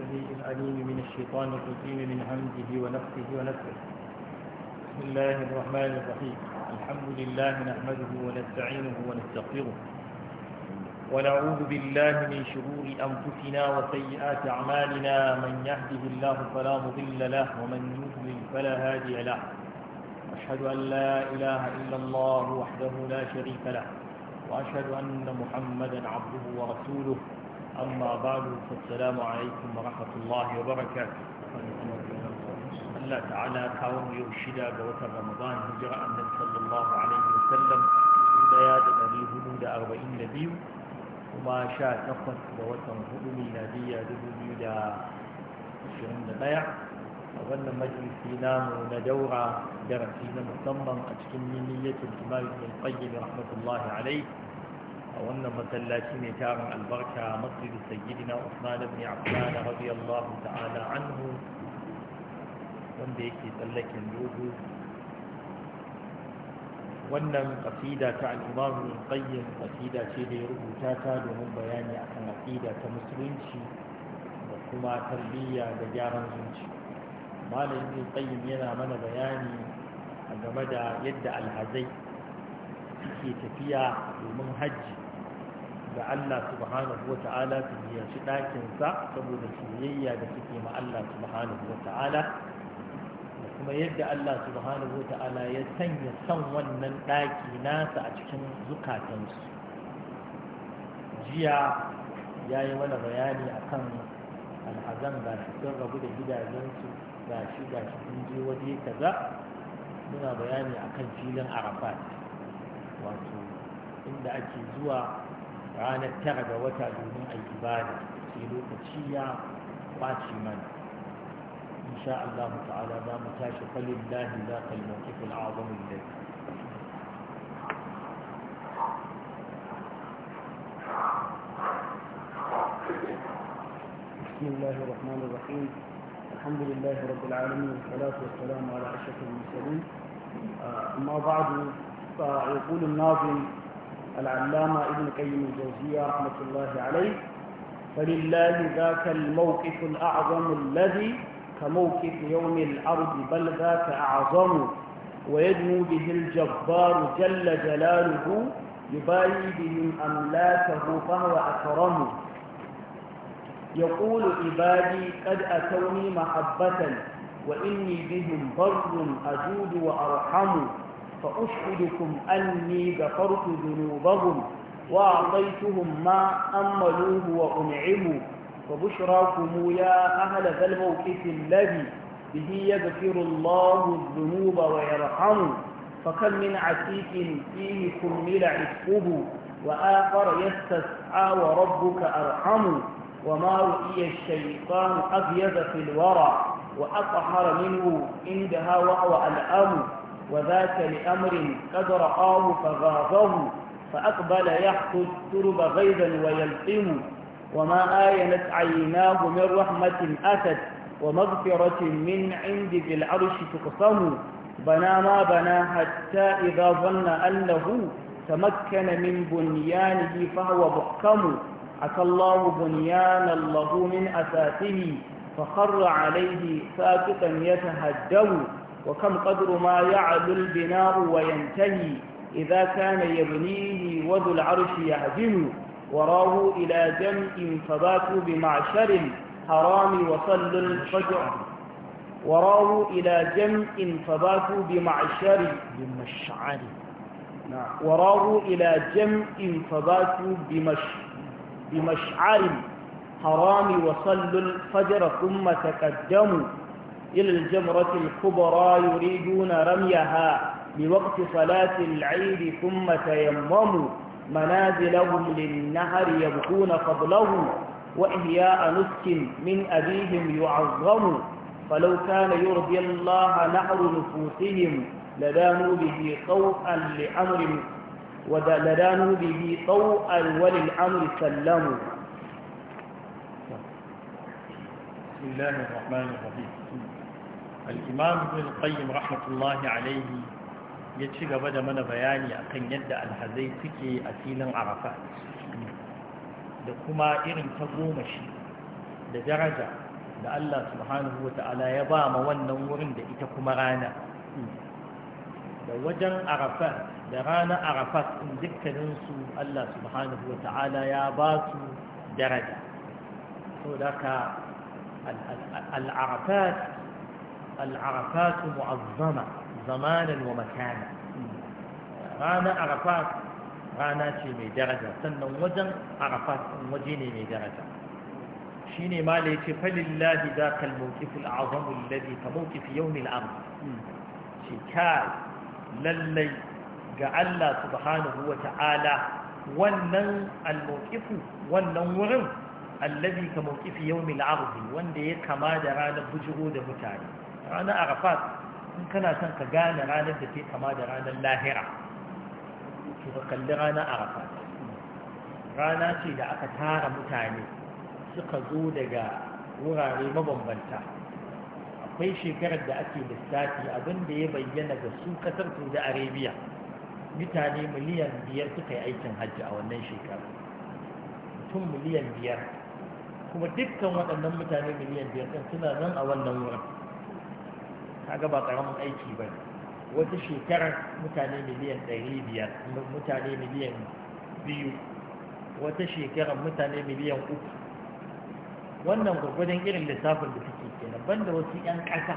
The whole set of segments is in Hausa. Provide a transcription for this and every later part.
السميع العليم من الشيطان الرجيم من همزه ونفسه ونفسه بسم الله الرحمن الرحيم الحمد لله نحمده ونستعينه ونستغفره ونعوذ بالله من شرور أنفسنا وسيئات أعمالنا من يهده الله فلا مضل له ومن يضلل فلا هادي له أشهد أن لا إله إلا الله وحده لا شريك له وأشهد أن محمدا عبده ورسوله أما بعد فالسلام عليكم ورحمة الله وبركاته الله تعالى كاوم يرشد بوت رمضان هجرة النبي صلى الله عليه وسلم بياد أبي هدود أربعين نبي وما شاء تقص بوت هدود نبي هدود عشرين بيع وظن مجلس نام ندورة درسنا مصمم أتكلم نية الإمام ابن القيم رحمة الله عليه a wannan masallaci mai tarin albarka masjidu sayyidina Usman ibn Affan radiyallahu ta'ala anhu wanda yake tsallaken dogo wannan ƙasida ta al'imamu ƙayyin ƙasida ce da ya rubuta ta domin bayani a kan ƙasida ta musulunci da kuma tarbiyya da gyaran Zunci. malamin ƙayyin yana mana bayani a game da yadda alhazai suke tafiya domin hajji ga Allah subhanahu wata'ala su ziyarci ɗakinsa saboda soyayya da suke ma Allah subhanahu wata'ala da kuma yadda Allah subhanahu wata'ala ya sanya son wannan ɗaki nasa a cikin zukatansu jiya ya yi mana bayani akan al'azan ga shi sun rabu da gidajensu ga shi ga shi sun je waje kaza muna bayani akan filin arafat wato inda ake zuwa ranar tara ga wata domin a yi ibada sai lokaci ya ɓaci mana Allah إن شاء الله تعالى ما متاش فلله ذاك الموقف العظم الذي بسم الله الرحمن الرحيم الحمد لله رب العالمين والصلاة والسلام على أشرف المرسلين أما بعد فيقول الناظم العلامة ابن قيم الجوزية رحمة الله عليه فلله ذاك الموقف الأعظم الذي كموقف يوم الأرض بل ذاك أعظم ويدنو به الجبار جل جلاله يبايي بهم أملاكه فهو أكرم يقول عبادي قد أتوني محبة وإني بهم بر أجود وأرحم فأشهدكم أني غفرت ذنوبهم وأعطيتهم ما أملوه وأنعموا فبشراكم يا أهل ذا الموقف الذي به يغفر الله الذنوب ويرحم فكم من عتيق فيه كمل عتقه وآخر يستسعى وربك أرحم وما رؤي الشيطان أبيض في الورى وأطهر منه عندها وهو الأمر وذاك لأمر قد رآه فغاضه فأقبل يحقد الترب غيظا ويلقم وما آينت عيناه من رحمة أتت ومغفرة من عند ذي العرش تقسم بنى ما بنى حتى إذا ظن أنه تمكن من بنيانه فهو محكم عسى الله بنيانا له من أساسه فخر عليه ساكتا يتهجم وكم قدر ما يعلو البناء وينتهي إذا كان يبنيه وذو العرش يهدم وراه إلى جمع فباتوا بمعشر حرام وصلوا الفجر وراه إلى جمع فباتوا بمعشر بمشعر نعم. وراه إلى جمع فباتوا بمش بمشعر حرام وصلوا الفجر ثم تقدموا إلى الجمرة الكبرى يريدون رميها بوقت صلاة العيد ثم تيمموا منازلهم للنهر يبكون فضله وإهياء نسك من أبيهم يعظم فلو كان يرضي الله نحر نفوسهم لدانوا به طوءا لأمر ولدانوا به طوءا وللأمر سلموا بسم الله الرحمن الرحيم al'imam ibn qayyim rahmatullahi alaihi ya ci gaba da mana bayani akan yadda alhazai suke a filin arafa da kuma irin ta goma shi da daraja da Allah subhanahu wa ta'ala ya ba ma wannan wurin da ita kuma rana da wajen arafa da rana arafa in dukkaninsu Allah subhanahu wa ta'ala ya ba su daraja da ka al'arafat العرفات معظمة زمانا ومكانا رانا عرفات رانا شي مي درجة سنة وجن عرفات وجيني مي درجة شيني مالي فلله ذاك الموقف الأعظم الذي كموقف يوم الأرض شكاي للي قال سبحانه وتعالى wannan almokifu wannan wurin allazi ka mokifi yau mil arzi wanda ya kama da ranar bujiro da mutane ranar arafat in kana son ka gane ranar da ke kama da ranar lahira su ka kalli ranar arafat rana ce da aka tara mutane suka zo daga wurare mabambanta akwai shekarar da ake lissafi abinda ya bayyana ga su kasar saudi arabia mutane miliyan biyar suka yi aikin hajji a wannan shekarar mutum miliyan biyar kuma dukkan waɗannan mutane miliyan biyar suna nan a wannan wurin kaga ba karamin aiki ba ne wata shekarar mutane miliyan ɗari biyar mutane miliyan biyu wata shekarar mutane miliyan uku wannan gwagwadon irin lissafin da suke kenan banda wasu 'yan ƙasa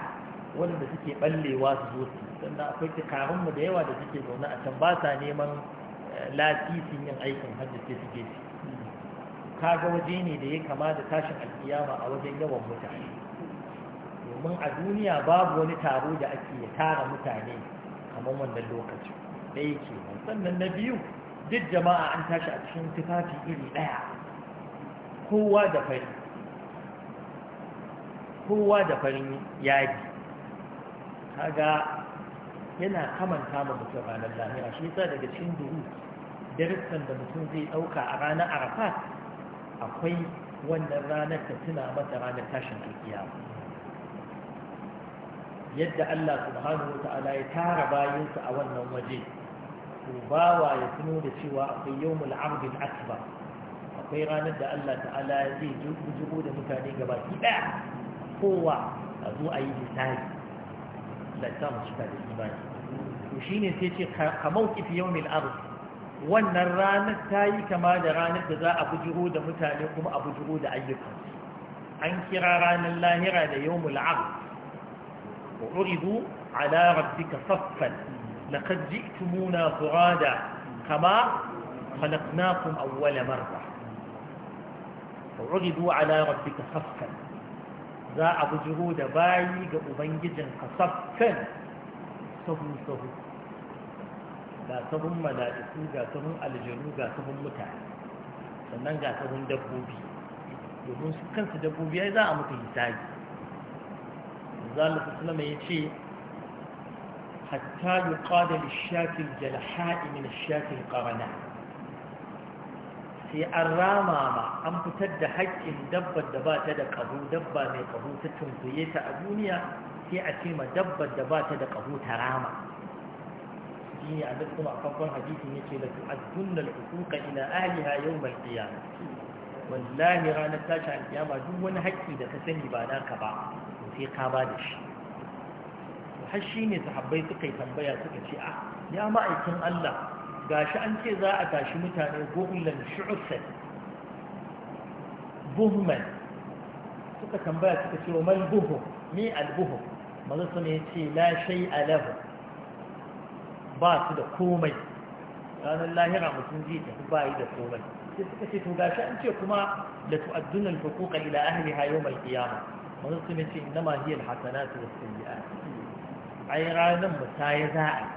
wanda suke ɓallewa su zo su sannan akwai tukarunmu da yawa da suke zaune a can ba sa neman eh, latisin yin aikin hajji sai suke ci kaga waje ne da ya kama da tashin alkiyama a wajen yawan mutane domin a duniya babu wani taro da ake ya tara mutane kamar wannan lokacin da yake sannan na biyu duk jama'a an tashi a cikin tufafi iri ɗaya kowa da fari kowa da farin yadi kaga yana kamanta ma mutum ranar lahira shi yasa daga cikin duru darussan da mutum zai ɗauka a ranar arafat akwai wannan ranar ta tuna mata ranar tashin alkiyama yadda Allah subhanahu wata'ala ya tara bayansa a wannan waje to bawa ya tuno da cewa akwai yawmul abdul akbar akwai ranar da Allah ta'ala zai jiro da mutane gaba ki daya kowa a zo a yi misali, Allah samun cika da imani to shine sai ce kamau kifi yawmil ardh wannan ranar ta yi kama da ranar da za a bujiro da mutane kuma a bujiro da ayyukan an kira ranar lahira da yau mul'ab وعرضوا على ربك صفا لقد جئتمونا فرادا كما خلقناكم أول مرة وعرضوا على ربك صفا za a bujiro da bayi ga Ubangijinka saffin sahu-sahu ga sahun mala’iku ga sahun aljanu ga sahun mutane sannan ga sahun dabbobi domin kansu dabbobi ya za a mutu hisabi manzala suna mai ya ce hatta yi ƙada lishafi jalaha'i min shafin ƙarana sai an rama ma an fitar da haƙƙin dabbar da ba ta da ƙahu dabba mai ƙahu ta tuntuye ta a duniya sai a ce ma dabbar da ba ta da ƙahu ta rama shi ne abin kuma a farkon hadisin yake da su addunna al-huquqa ila ahliha yawm al-qiyamah wallahi ranar tashi a ƙiyama duk wani haƙƙi da ka sani ba naka ba sai ka ba da shi har shi ne sahabbai suka yi tambaya suka ce ah ya ma'aikin Allah Ga shi an ce za a tashi mutane buhlan shu'usan buhman suka tambaya suka ce wa mal buhu ni al maza su ne ce la shai alahu ba su da komai ranar lahira mutum zai tafi ba yi da komai sai suka ce to ga shi an ce kuma da tu'adduna al huquqa ila ahliha yawm al qiyamah wani suna ce na ma hiyar hasana su wasu sayi'a ai ranar musaya za a yi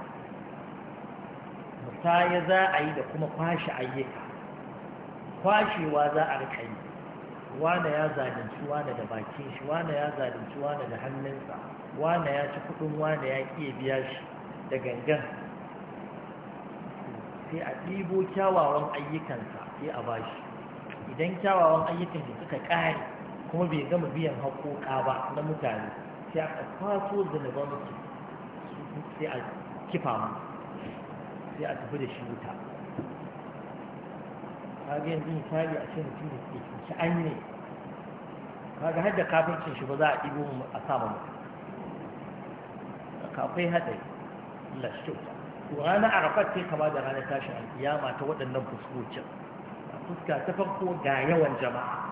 musaya za a yi da kuma kwashe ayyuka kwashewa za a rika yi wane ya zalunci wane da bakin shi wane ya zalunci wane da hannunsa wane ya ci kudin wane ya ƙiye biya shi da gangan sai a ɗibo kyawawan ayyukansa sai a bashi idan kyawawan ayyukan da suka ƙare kuma bai gama biyan haƙoƙa ba na mutane sai aka kwaso zunuban su sai a kifa mu sai a tafi da shi wuta kaga yanzu misali a cikin mutum da ke kinshi an ne kaga har da kafircin shi ba za a ɗibo mu a sa mu kafai haɗari Allah shi kyauta ranar arafat sai kama da ranar tashin alƙiyama ta waɗannan fuskocin fuska ta farko ga yawan jama'a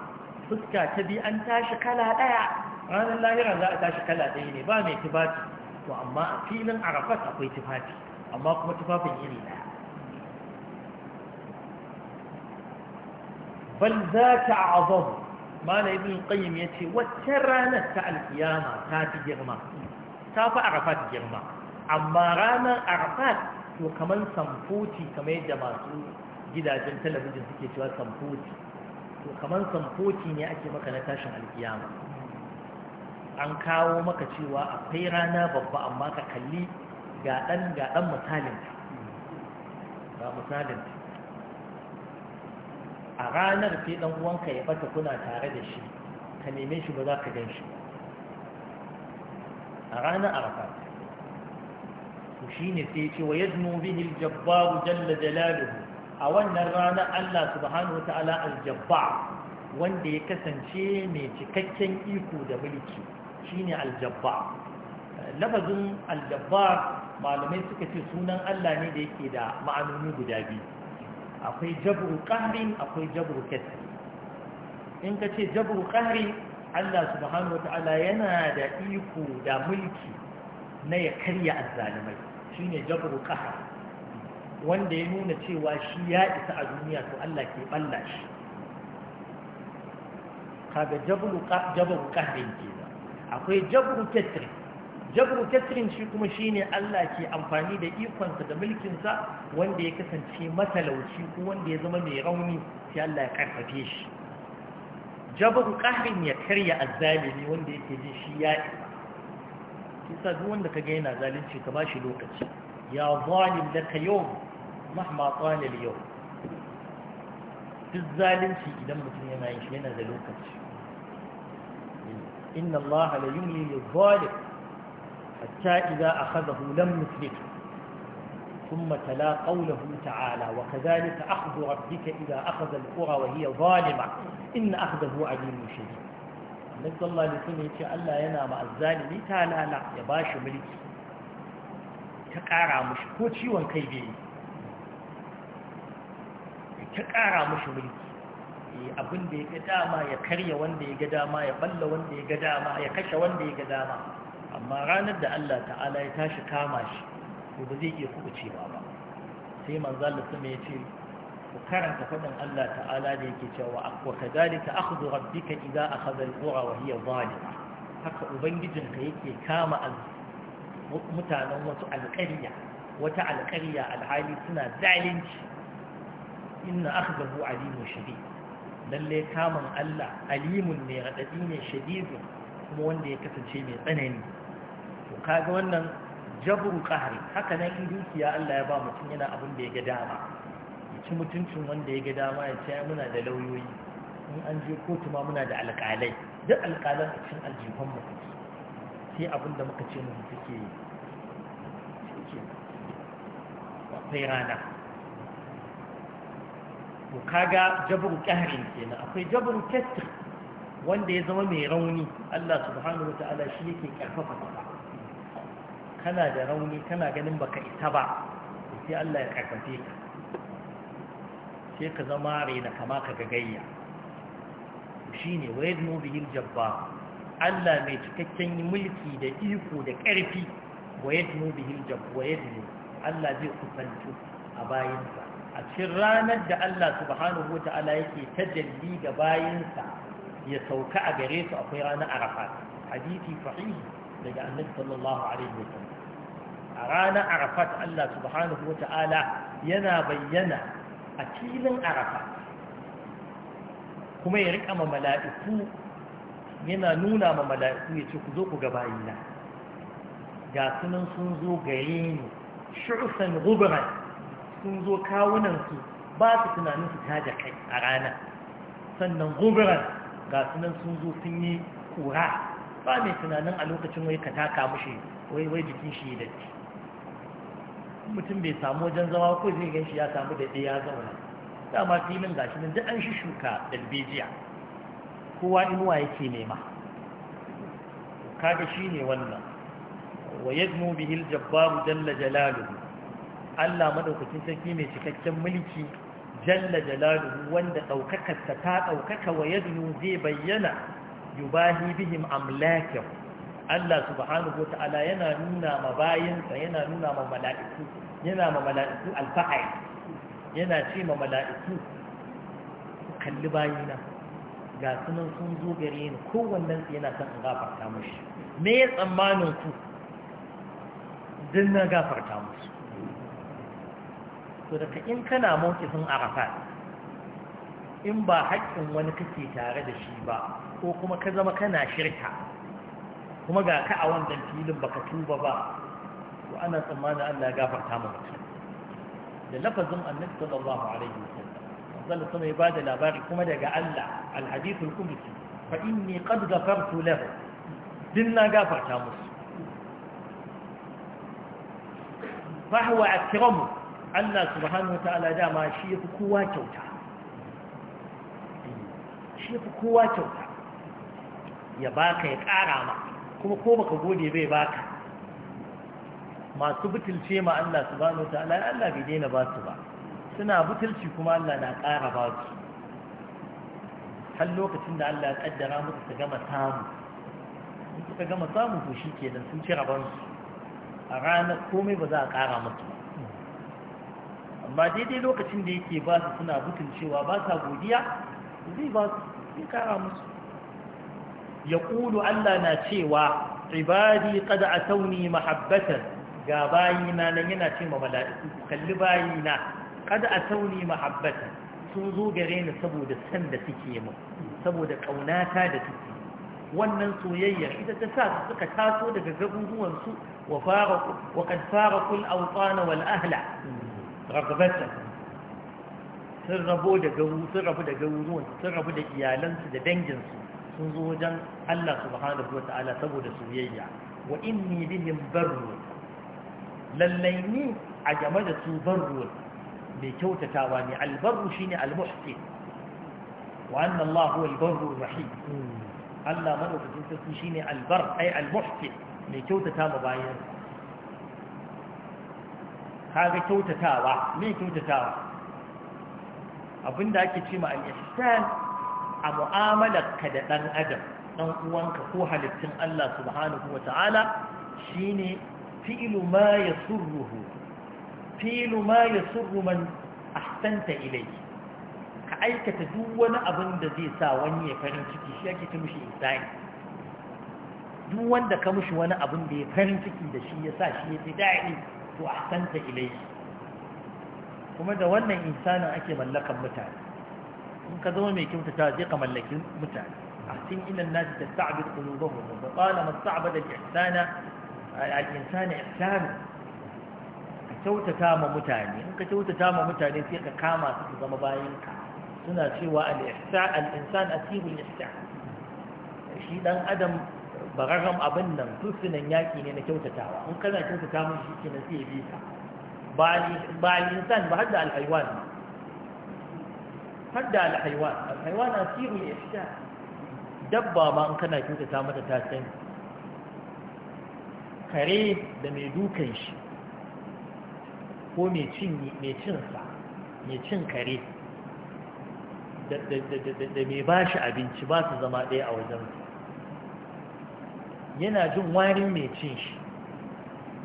fuska ta bi an tashi kala ɗaya ranar lahira za a tashi kala ɗaya ne ba mai tufafi to amma a filin arafat akwai tufafi amma kuma tufafin iri ɗaya bal za ta azahu mana ibn ya ce wacce ranar ta alkiyama ta fi girma ta fi arafat girma amma ranar arafat to kamar samfoti kamar yadda masu gidajen talabijin suke cewa samfoti to kamar samfoti ne ake maka na tashin alkiyama an kawo maka cewa akwai rana babba amma ka kalli ga ɗan ga misalin ga misalin a ranar sai ɗan uwanka ya bata kuna tare da shi ka neme shi ba za ka gan shi a ranar arafat to shine sai ce wa yadnu bihi al-jabbar jalla jalaluhu a wannan ranar Allah subhanahu wa ta'ala aljabba wanda ya kasance mai cikakken iko da mulki shine aljabba lafazin aljabba malamai suka ce sunan Allah ne da yake da ma'anoni guda biyu akwai jabru qahrin akwai jabru kasri in ka ce jabru qahri Allah subhanahu ta'ala, yana da iko da mulki na ya karya azzalimai shine jabru qahr wanda ya nuna cewa shi ya isa a duniya to Allah ke balla shi kaga jabru jabru ke kenan akwai jabru katrin jabru katrin shi kuma shi ne Allah ke amfani da ikonsa da mulkinsa wanda ya kasance matalauci ko wanda ya zama mai rauni sai Allah ya karfafe shi jabru qahrin ya karya azzalimi wanda yake ji shi ya isa kisa duk wanda kaga yana zalunci ka ba shi lokaci ya zalim laka yau. mahma tsalil yau duk zalunci idan mutum yana yin shi yana da lokaci inna allaha la yumli lil zalim hatta idza akhadahu lam yuflih ثم تلا قوله تعالى وكذلك أخذ ربك إذا أخذ القرى وهي ظالمة إن أخذه عليم شديد النبي صلى الله عليه وسلم يقول الله ينام الظالم تعالى لا يباش ملك تقارع مش كوتشي وانكيبين ta ƙara mashi mulki eh, abin da ya ga dama ya karya wanda ya ga dama ya balla wanda ya ga dama ya kashe wanda ya ga dama amma ranar da Allah ta'ala ya tashi kama shi to ba zai iya kubucewa ba sai manzo Allah sama ya ce ku karanta faɗin Allah ta'ala da yake cewa wa ka akhdhu rabbika idza akhadha al-qura wa hiya zalima haka ubangijinka yake kama mutanen wasu alƙarya wata alƙarya alhali suna zalunci inna akhdahu alimun shadid lalle kamun Allah alimun ne radadi ne shadidu kuma wanda ya kasance mai tsanani to kaga wannan jabru qahri haka nan in dukiya Allah ya ba mutum yana abin da ya ga dama ya ci mutuncin wanda ya ga dama ya ce muna da lauyoyi in an je kotu ma muna da alƙalai duk alƙalan a cikin aljihun mu sai abin da muka ce mu suke yi akwai rana to kaga jabru qahrin kenan akwai jabru kasr wanda ya zama mai rauni Allah subhanahu wataala shi yake karfafa kana da rauni kana ganin baka isa ba sai Allah ya karfafe ka sai ka zama rena kama ka ga gagayya shine wayadnu bihil jabbar Allah mai cikakken mulki da iko da ƙarfi wayadnu bihil jabbar wayadnu Allah zai kusanto a bayansa a cikin ranar da Allah subhanahu ta'ala yake tajalli ga bayinsa ya sauka a gare su akwai ranar arafa Hadithi sahihi daga annabi sallallahu alaihi wasallam a ranar arafat Allah subhanahu ta'ala yana bayyana a filin arafa. kuma ya rika ma mala'iku yana nuna ma mala'iku ya ce ku zo ku gabayina ga sunan sun zo gare ni shusan gubran sun zo kawunansu ba su tunanin su da kai a rana sannan gubiran ga sunan sun zo sun yi kura ba mai tunanin a lokacin wai ka taka mushi wai jikin shi da ci mutum bai samu wajen zama ko zai gan shi ya samu da ɗaya zauna dama filin gashi nan duk an shi shuka dalbejiya kowa inuwa yake nema kaga shi ne wannan wa yadnu bihil jabbaru jalla jalaluhu Allah madaukakin sarki mai cikakken mulki jalla jalaluhu wanda ɗaukakarsa ta ɗaukaka wa yadu zai bayyana yubahi bihim amlakin Allah subhanahu ta'ala yana nuna ma bayinsa yana nuna ma mala'iku yana ma mala'iku alfa'ai yana ce ma mala'iku kalli bayina ga sunan sun zo gare ni kowannen su yana son in gafarta mushi me ya tsammanin ku din na gafarta musu to daga in kana mawkifin arafat in ba haƙƙin wani kake tare da shi ba ko kuma ka zama kana shirka kuma ga ka a wannan filin baka tuba ba to ana tsammanin Allah ya gafarta mu mutum da lafazin annabi sallallahu alaihi wasallam sallallahu alaihi ya bada labari kuma daga Allah alhadithul qudsi fa inni qad ghafartu lahu din na gafarta musu fa huwa akramu Allah subhanahu ta'ala dama shi yafi kowa kyauta shi yafi kowa kyauta ya baka ya ƙara ma kuma ko baka gode bai baka masu butulce ma Allah subhanahu ta'ala Allah bai daina ba su ba suna butulci kuma Allah na ƙara ba su har lokacin da Allah ya kaddara musu su gama samu in suka gama samu to shi kenan sun ci rabansu a ranar komai ba za a kara musu ba amma daidai lokacin da yake ba su suna butun cewa ba sa godiya zai ba su zai kara musu ya ƙudu? Allah na cewa ibadi kada a tauni mahabbatar ga bayina nan yana ce ma mala'iku kalli bayina kada a tauni mahabbatar sun zo gare ni saboda san da suke mu saboda ƙaunata da suke wannan soyayya ita ta sa suka taso daga su wa fara kul autana wal ahla ragabatan sun rabo da garu sun rabu da garuruwan sun rabu da iyalansu da danginsu sun zo wajen Allah subhanahu wa ta'ala saboda soyayya wa inni bihim barru lallai ni a game da su barru mai kyautatawa ne albarru shine almuhsin wa anna Allah huwa albarru rahim hmm. Allah madaukakin sarki shine albar ay almuhsin mai kyautata ma bayan. kaga kyautatawa me kyautatawa abinda ake ce ma al-ihsan a mu'amalar ka da dan adam dan uwanka ko halittun Allah subhanahu wata'ala shine fi'lu ma yasurruhu fi'lu ma yasurru man ahsanta ilayhi ka aikata duk wani abin da zai sa wani ya farin ciki shi ake ce mishi ihsani duk wanda ka mishi wani abin da ya farin ciki da shi ya sa shi ya fi daɗi to ahsanta ilayhi kuma da wannan insanin ake mallakan mutane in ka zama mai kyautata zai ka mallaki mutane ahsin ila an-nas tasta'bid qulubuhum wa qala masta'bada al-ihsana al-insanu ka kyautata ma mutane in ka kyautata ma mutane sai ka kama su zama bayanka suna cewa al'insan ihsan al-insan ihsan shi dan adam bararren abin nan tusunan yaƙi ne na kyautatawa in kana kyautata mun shi ke nan sai ya ka ba insan ba hadda alhaiwan hadda alhaiwan alhaiwan asiru ya sha dabba ma in kana kyautata mata ta sani kare da mai dukan shi ko mai cin mai cin kare da mai bashi abinci ba su zama ɗaya a wajensu yana jin warin mai cin shi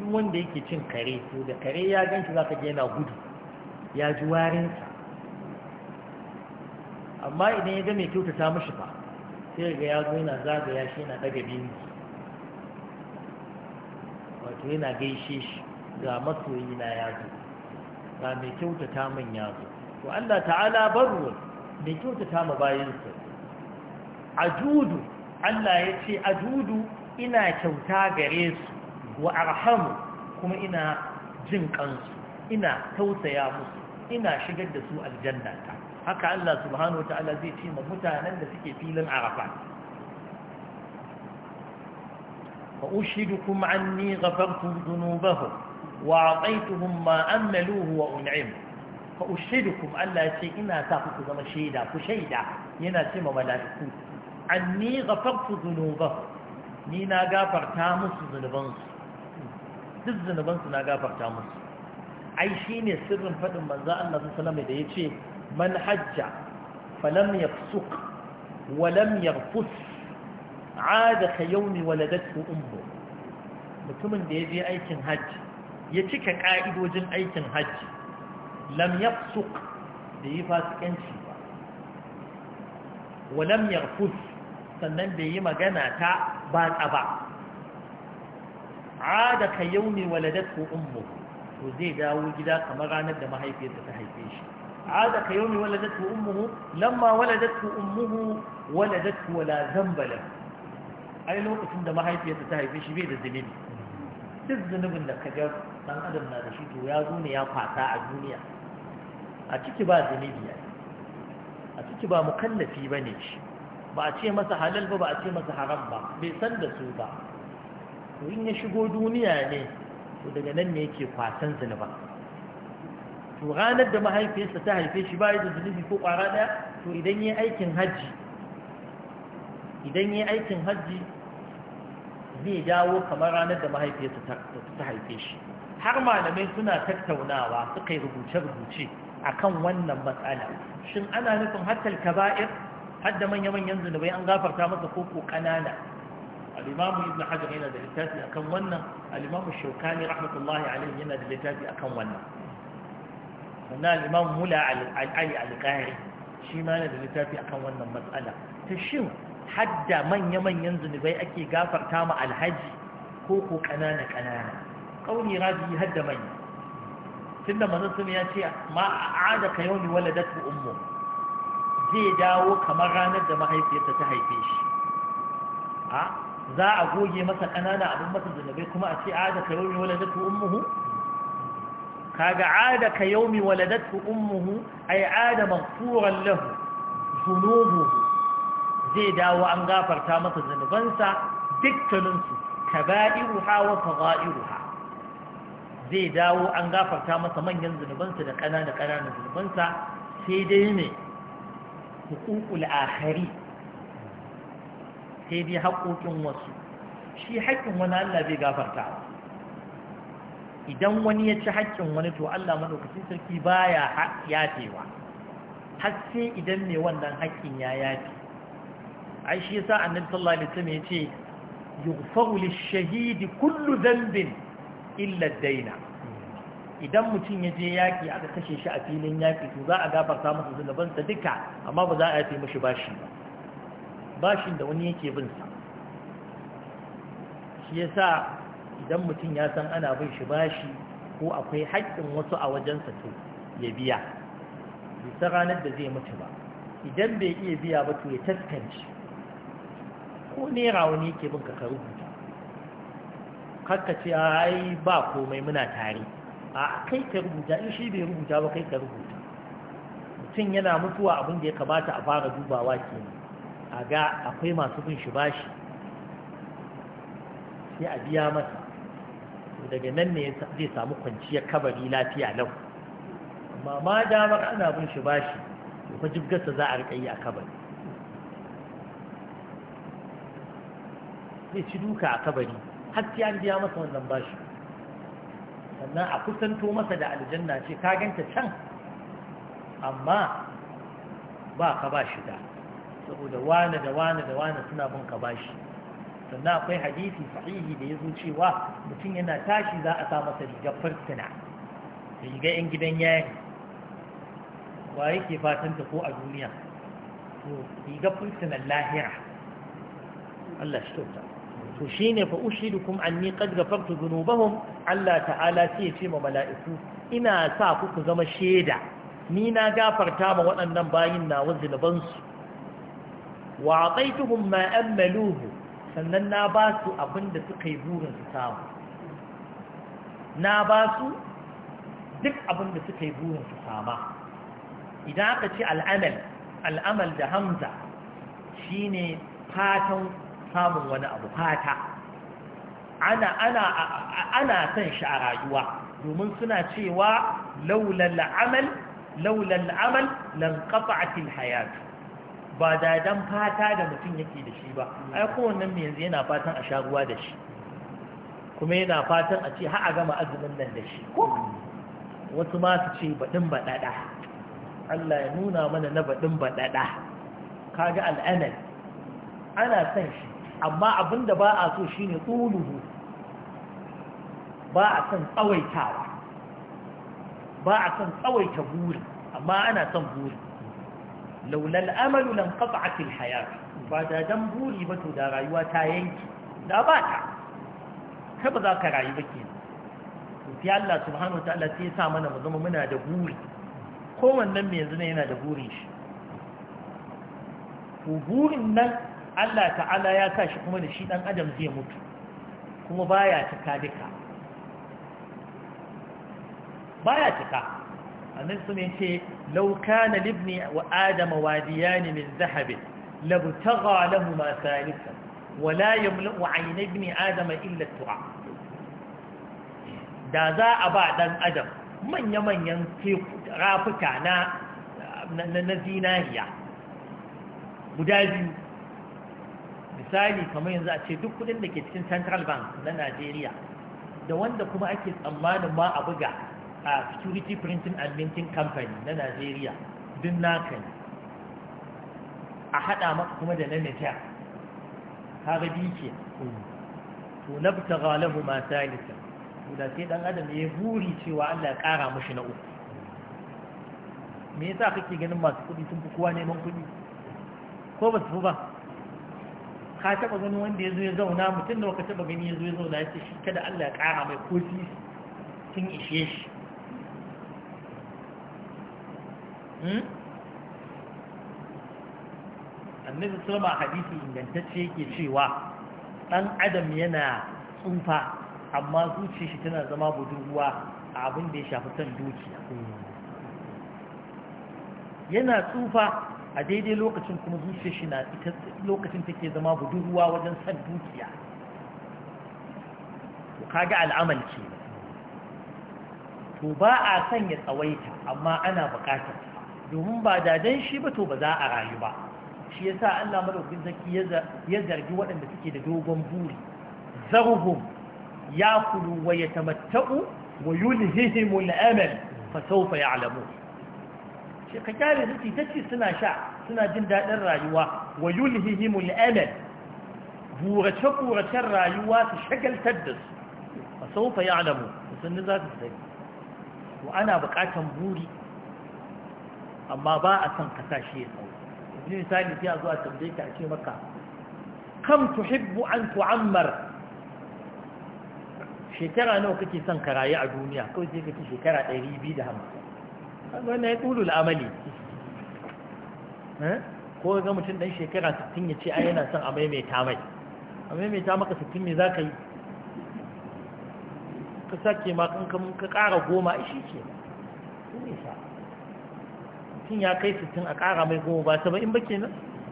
duk wanda yake cin kare to da kare ya gan shi zaka yana gudu ya ji warinsa amma idan ya ga mai ta mashi ba sai ga ya zo yana zagaya shi yana daga binki wato yana gaishe shi ga masoyi na ya zo ga mai kyauta ta min ya zo to Allah ta'ala barwa mai kyauta ta ma sa ajudu Allah ya ce ajudu ina kyauta gare su wa arhamu kuma ina jin kansu ina tausaya musu ina shigar da su aljanna ta haka Allah subhanahu wataala zai ce ma mutanen da suke filin arafa fa ushidukum anni ghafartu dhunubahum wa a'taytuhum ma amaluhu wa un'im fa ushidukum Allah ya ce ina sa ku zama shaida ku shaida yana ce ma mala'iku anni ghafartu dhunubahum ni na gafarta musu zunubansu duk zunubansu na gafarta musu ai shi ne sirrin faɗin manzo Allah su salama da ya ce man hajja falam ya fusuk walam ya fus ada ka yauni waladatu ummu mutumin da ya je aikin hajji ya cika ƙa'idojin aikin hajji lam ya fusuk da yi fasikanci ba walam ya fus sannan da yi magana ta ba tsaba ada ka yaumi waladatu ummu to zai dawo gida kamar ranar da mahaifiyarsa ta haife shi ada ka yaumi waladatu ummuhu lamma waladatu ummuhu waladatu wala zambala ai lokacin da mahaifiyarsa ta haife shi bai da zunubi duk zunubin da ka ga dan adam na da shi to ya zo ne ya kwata a duniya a ciki ba zunubi a ciki ba mukallafi bane shi ba a ce masa halal ba ba a ce masa haram ba bai san da su ba to in ya shigo duniya ne to daga nan ne yake kwasan zunuba to ranar da mahaifiyarsa ta haife shi ba da zunubi ko kwara daya to idan yi aikin hajji idan yi aikin hajji zai dawo kamar ranar da mahaifiyarsa ta haife shi har malamai suna tattaunawa suka yi rubuce-rubuce akan wannan matsala shin ana nufin hatta kaba'ir har da manya-manyan zunubai an gafarta masa koko ko kanana al ibn hajar yana da littafi akan wannan al shaukani rahmatullahi alaihi yana da littafi akan wannan sannan al-imamu mula al-ali al-qahiri shi ma yana da littafi akan wannan matsala ta shin hadda manya-manyan zunubai ake gafarta ma alhaji Koko ko kanana-kanana kauni raji hadda manya tunda manzon sun ya ce ma a da ka yau ni waladatu ummu zai dawo kamar ranar da mahaifiyarsa ta haife shi a za a goge masa ƙanana abin masa zunubai kuma a ce ada ka yaumi waladatu ummuhu kaga ada ka yaumi waladatu ummuhu ay ada maghfuran lahu zunubuhu zai dawo an gafarta masa zunubansa dukkaninsu kaba'iruha wa fada'iruha zai dawo an gafarta masa manyan zunubansa da ƙananan ƙananan zunubansa sai dai ne hukukul akhari sai dai haƙoƙin wasu shi haƙƙin wani Allah zai gafarta idan wani ya ci haƙƙin wani to Allah madaukakin sarki baya yafewa har sai idan mai wannan haƙƙin ya yafe ai shi yasa annabi sallallahu alaihi wasallam ce yughfaru lish-shahidi kullu dhanbin illa ad-dayna idan mutum ya je yaƙi aka kashe shi a filin yaƙi to za a gafarta masa zunubansa duka amma ba za a yafe mishi bashi ba bashin da wani yake bin sa shi yasa idan mutum ya san ana bin shi bashi ko akwai haƙƙin wasu a sa to ya biya ta ranar da zai mutu ba idan bai iya biya ba to ya taskance ko nera wani yake bin ka rubuta ka ce ai ba komai muna tare a kai ka rubuta in shi bai rubuta ba kai ka rubuta mutum yana mutuwa abin da ya kamata a fara dubawa ke a ga akwai masu bin shi bashi sai a biya masa daga nan ne zai samu kwanciyar kabari lafiya lau amma ma damar ana bin shi bashi ko jibgarsa za a riƙa yi a kabari zai ci duka a kabari har sai an biya masa wannan bashi sannan a kusanto masa da aljanna ce ka ganta can amma ba ka ba shi da saboda wane da wane da wane suna bin ka ba shi sannan akwai hadisi sahihi da ya zo cewa mutum yana tashi za a sa masa rigar fursuna riga 'yan gidan yayin wa yake fatan ta ko a duniya to riga fursunan lahira Allah shi kyauta to shine fa ushidukum anni qad ghafartu dhunubahum Allah ta'ala ce ya ce ma mala'iku ina sa kuku zama shaida ni na gafarta ma waɗannan bayin na zunubansu wa ataituhum maan maluhu? sannan na ba su abinda suka yi burin su samu na ba su duk abinda suka yi burin su sama idan aka ce al'amal al'amal da hamza shine fatan samun wani abu fata ana ana ana san shi a rayuwa domin suna cewa laulal amal laulal amal lan qata'atil hayat ba da dan fata da mutum yake da shi ba ai kowannen mai yanzu yana fatan a sha ruwa da shi kuma yana fatan a ce har a gama azumin nan da shi ko wasu ma su ce baɗin baɗaɗa Allah ya nuna mana na baɗin baɗaɗa kaga al'amal ana san shi amma abin da ba a so shine tsuluhu ba a son tsawaitawa ba a son tsawaita buri amma ana son buri laulal amalu lan qat'atil hayat ba da dan buri ba to da rayuwa ta yanki da ba ta kai ba za ka rayu ba kenan sai Allah subhanahu sai yasa sa mana mu zama muna da buri kowannen mai yanzu ne yana da burin shi Ku burin nan Allah ta'ala ya sa shi kuma da shi ɗan adam zai mutu kuma baya cika duka baya cika annin su ne ce lauka na libni wa adama wadiya ne min zahabin labtaga lahu ma salisa wala yamla'u ainihin ibni adama illa da za a ba ɗan adam manya-manyan rafuka na zinariya guda biyu misali kamar yanzu a ce duk kudin da ke cikin central bank na najeriya da wanda kuma ake tsammanin ma a buga a security printing and minting company na najeriya duk naka ne a haɗa maka kuma da na nigeria haɗa biyu ke to na fita galabu ma salisa to da sai ɗan adam ya buri cewa allah ya ƙara mashi na uku me yasa kake ganin masu kuɗi sun fi kowa neman kuɗi ko ba su fi ba ka taba gani wanda ya zo ya zauna mutum da ka taba gani ya zo ya zauna ya ce shi kada Allah ya kara mai ko sun ishe shi hmm? annabi sulama hadisi ingantacce yake cewa dan adam yana tsufa amma zuci shi tana zama budurwa a abin da ya shafi son dukiya hmm. yana tsufa a daidai lokacin kuma zuciya shi na ita lokacin take zama budurwa wajen san dukiya kaga al'amal ce to ba a sanya ya tsawaita amma ana buƙatar. domin ba dadan shi ba to ba za a rayu ba shi yasa Allah madaukakin zaki ya zargi waɗanda suke da dogon buri zarhum yakulu wa yatamatta'u wa yulhihimul amal fa sawfa ya'lamun shi ka kyale su ci suna sha suna jin daɗin rayuwa wa yulhihimul amal burace-buracen rayuwa su shagaltar da su a saufa ya alamu musulmi za su sani to ana buƙatan buri amma ba a son kasashe ya tsawo yanzu misali sai a zuwa tambaye ka a ce maka kam tuhibbu an tu'ammar shekara nawa kake son ka rayu a duniya kawai sai ka ce shekara 250 wannan ya ƙulu al'amali eh? ko ga mutum ɗan shekara 60 ya ce a yana son a maimaita mai a maimaita maka 60 me za ka yi ka sake ma kankan ka ƙara goma shi ke mutum ya kai 60 a ƙara mai goma ba saba in ba nan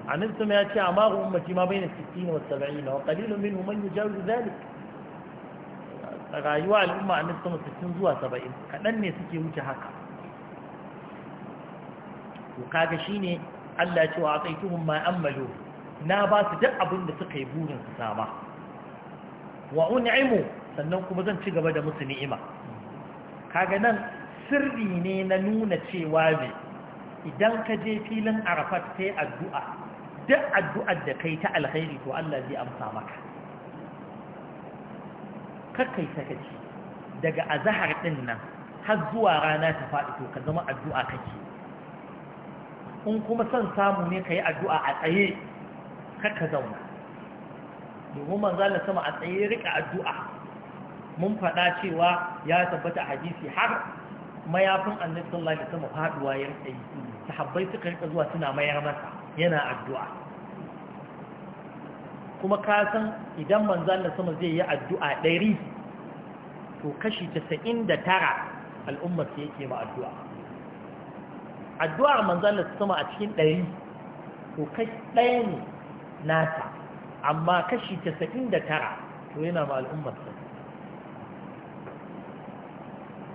a nan sama ya ce a maru umarci ma bai na 60 wasu 70 wa ƙalilun min umar yi jawo zalik a rayuwa al'umma a nan sama 60 zuwa 70 kaɗan ne suke wuce haka to kaga shine Allah ya ce wa ataituhum ma amalu na ba su duk abin da suka yi burin su sama wa un'imu sannan kuma zan ci gaba da musu ni'ima kaga nan sirri ne na nuna cewa ne idan ka je filin arafat kai addu'a duk addu'ar da kai ta alkhairi to Allah zai amsa maka kakai sakaci daga azahar din nan har zuwa rana ta faɗi to ka zama addu'a kake in kuma son samu ne ka yi addu'a a tsaye kaka zauna domin da sama a tsaye rika addu'a mun faɗa cewa ya tabbata hadisi har mayafin annabi sallallahu alaihi faduwa ya tsaye sahabbai suka rika zuwa suna mayar masa yana addu'a kuma ka san idan da sama zai yi addu'a ɗari to kashi 99 al'ummar yake ma addu'a addu'ar manzon sama a cikin ɗari to kai ɗaya ne nata amma kashi casa'in da tara to yana ma al'ummar sa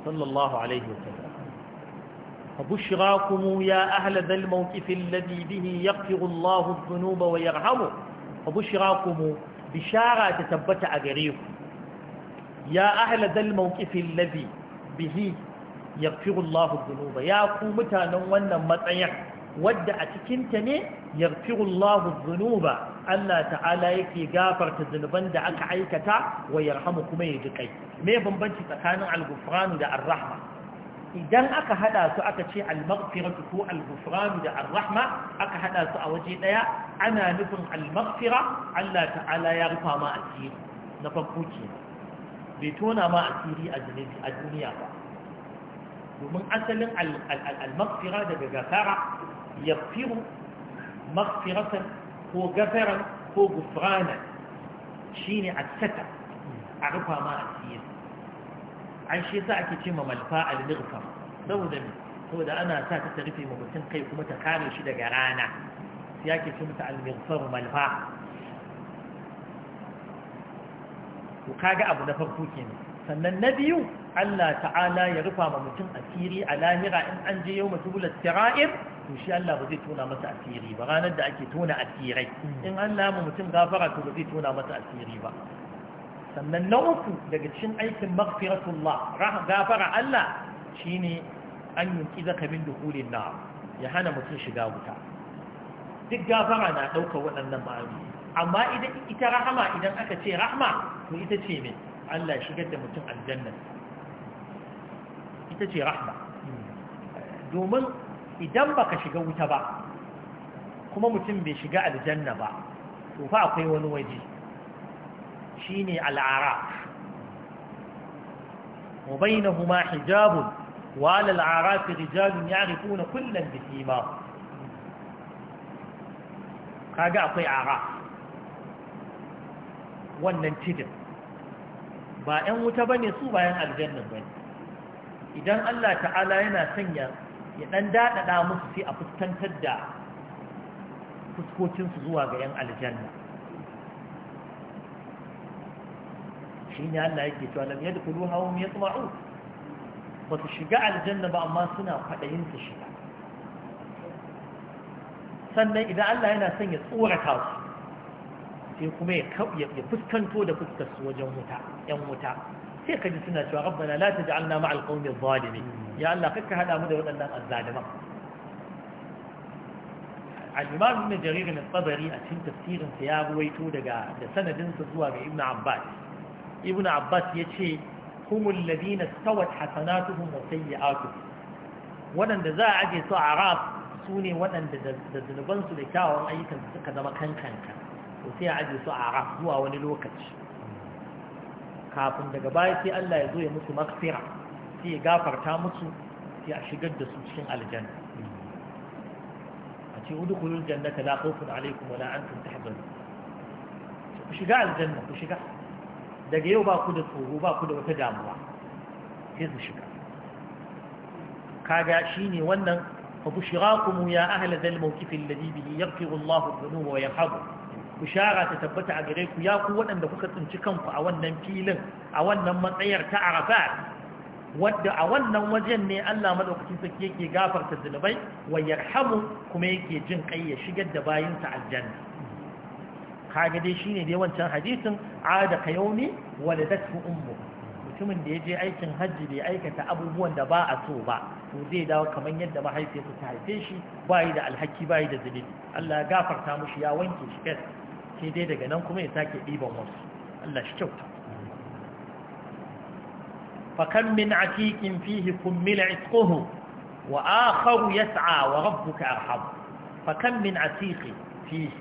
sallallahu alaihi wasallam فبشراكم ya أهل ذا الموقف الذي به يغفر الله الذنوب ويرحمه فبشراكم بشارة تتبت أغريكم يا أهل ذا الموقف الذي به yaghfirullahu dhunuba ya ku mutanen wannan matsayin wadda a cikinta ne yaghfirullahu dhunuba Allah ta'ala yake gafarta zunuban da aka aikata wa yarhamu kuma ya ji kai me bambanci tsakanin al da ar-rahma idan aka hada su aka ce al-maghfiratu ko al da ar-rahma aka hada su a waje daya ana nufin al-maghfira Allah ta'ala ya rufa ma asiri na farko kenan bai tona ma asiri a duniya ba domin asalin al-maghfira daga gafara ya firu maghfiratan ko gafaran ko gufrana shine as-sata a rufa ma asiri an shi sa ake ce ma malfa al-maghfara saboda me saboda ana sa ta rufe ma mutum kai kuma ta kare shi daga rana Ya ke ce mata al-maghfara malfa to kaga abu na farko kenan sannan na biyu Allah ta'ala ya rufa ma mutum asiri a lahira in an je yau matubulat sira'ir to shi Allah ba zai tona masa asiri ba ranar da ake tona asirai in Allah ma mutum gafara to ba zai tona masa asiri ba sannan na uku daga cikin aikin maghfiratullah gafara Allah shine an yunki zaka min dukhulin nar ya hana mutum shiga wuta duk gafara na ɗaukar waɗannan ma'ani amma idan ita rahama idan aka ce rahama to ita ce mai Allah shigar da mutum aljanna ita ce rahma domin idan baka shiga wuta ba kuma mutum bai shiga aljanna ba to fa akwai wani waje shine al'araf وبينهما حجاب وعلى العراف رجال يعرفون كلا بسيما kaga akwai ara wannan tidin ba 'yan wuta ba ne su bayan aljannan ba ne idan Allah ta'ala yana sanya ya ɗan daɗaɗa musu sai a fuskantar da fuskocinsu zuwa ga ‘yan aljanna shi ne Allah yake cewa lam yadda kulu hawan ya tsuma'u ba su shiga aljanna ba amma suna kwaɗayin su shiga sannan idan Allah yana son ya tsorata su sai kuma ya fuskanto da fuskar su wajen wuta ‘yan wuta sai ka ji suna cewa rabbana la taj'alna ma'al qawmi adh-dhalimin ya Allah kakka hada mu da waɗannan azzaliman al-imam ibn jarir al-tabari a cikin tafsirin sa ya ruwaito daga da sanadin sa zuwa ga ibn abbas ibn abbas yace humul ladina stawat hasanatuhum wa sayyi'atuhum waɗanda za a aje su a arab su ne waɗanda da zunubansu da kyawun ayyukan suka zama kankanka to sai a aje su a arab zuwa wani lokaci kafin daga baya sai Allah ya zo ya musu maghfira sai ya gafarta musu sai a shigar da su cikin aljanna a ce udkhulul jannata la khawfun alaykum wala antum tahzanun ku shiga aljanna ku shiga daga yau ba ku da tsoro ba ku da wata damuwa sai su shiga kaga shine wannan fa bushirakum ya ahla dal mawqif alladhi bihi yaghfiru Allahu dhunuba wa yarhamu Ku shara ta tabbata a gare ku ya ku waɗanda kuka tsinci kanku a wannan filin a wannan matsayar ta arafat wadda a wannan wajen ne Allah madaukakin sarki yake gafarta zunubai wa yarhamu kuma yake jin kai ya shigar da bayinsa aljanna kaga dai shine dai wancan hadisin ada ka yaumi waladatu ummu mutumin da ya je aikin hajji bai aikata abubuwan da ba a so ba to zai dawo kamar yadda mahaifiyarsa ta haife shi bai da alhaki bayi da zunubi Allah ya gafarta mushi ya wanke shi sai dai daga nan kuma ya sake ɗiban wasu Allah shi kyauta fakan min atiqin fihi kummila itquhu wa akharu yas'a wa rabbuka arham fakan min atiqi fihi